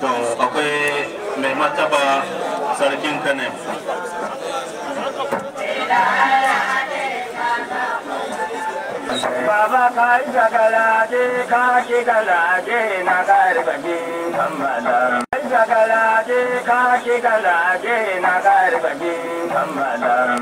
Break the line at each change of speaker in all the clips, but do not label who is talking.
to akwai mai mataba sarkin kane Baba ka isa galaje ka ki galaje na garbage kammala. Isa galaje ka ki galaje na garbage kammala.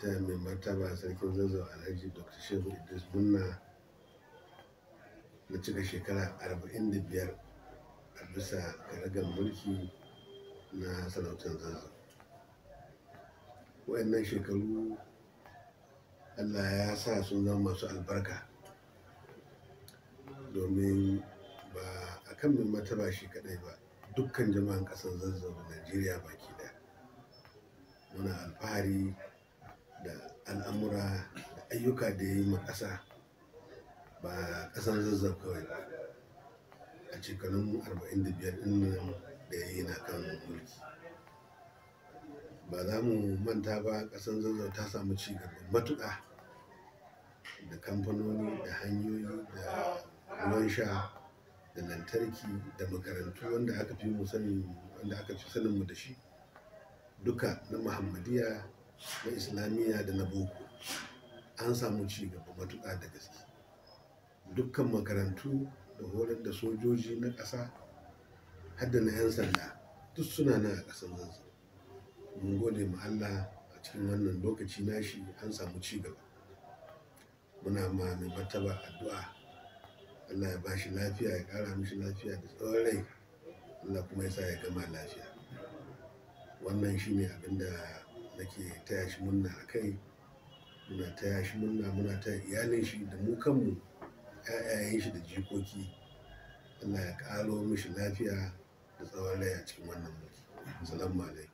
ta mai martaba sarkin zazzau alhaji dr shehu idris munna na cika shekara 45 a bisa karagar mulki na sarautar zazzau wayannan shekaru allah ya sa sun zama masu albarka domin ba a kan mai martaba shi kadai ba dukkan jama'an kasar zazzau najeriya baki daya muna alfahari da al'amura da ayyuka da ya yi ma ƙasa ba ƙasar zazzab kawai ba a shekarun 45 ɗin da ya yi na kan mulki ba za mu manta ba ƙasar zazzau ta samu ci gaban matuƙa da kamfanoni da hanyoyi da ruwan sha da lantarki da makarantu wanda aka fi sanin mu da shi duka na Muhammadiyya. na islamiyya da na boko an samu ci gaba matuƙa da gaske dukkan makarantu da horar da sojoji na ƙasa hadda na 'yan sanda duk suna nan a ƙasar zanzu mun gode ma Allah a cikin wannan lokaci nashi an samu ci gaba muna ma mai martaba addu'a Allah ya ba shi lafiya ya ƙara mishi lafiya da tsawon rai Allah kuma ya sa ya gama lafiya wannan shine abin da nake taya shi munna a kai muna taya shi munna muna taya iyalin shi da mu kanmu ‘ya'yayen shi da jikoki Allah ya
ƙalo mishi lafiya da tsawon rai a cikin wannan mulki. Salamu alaikum.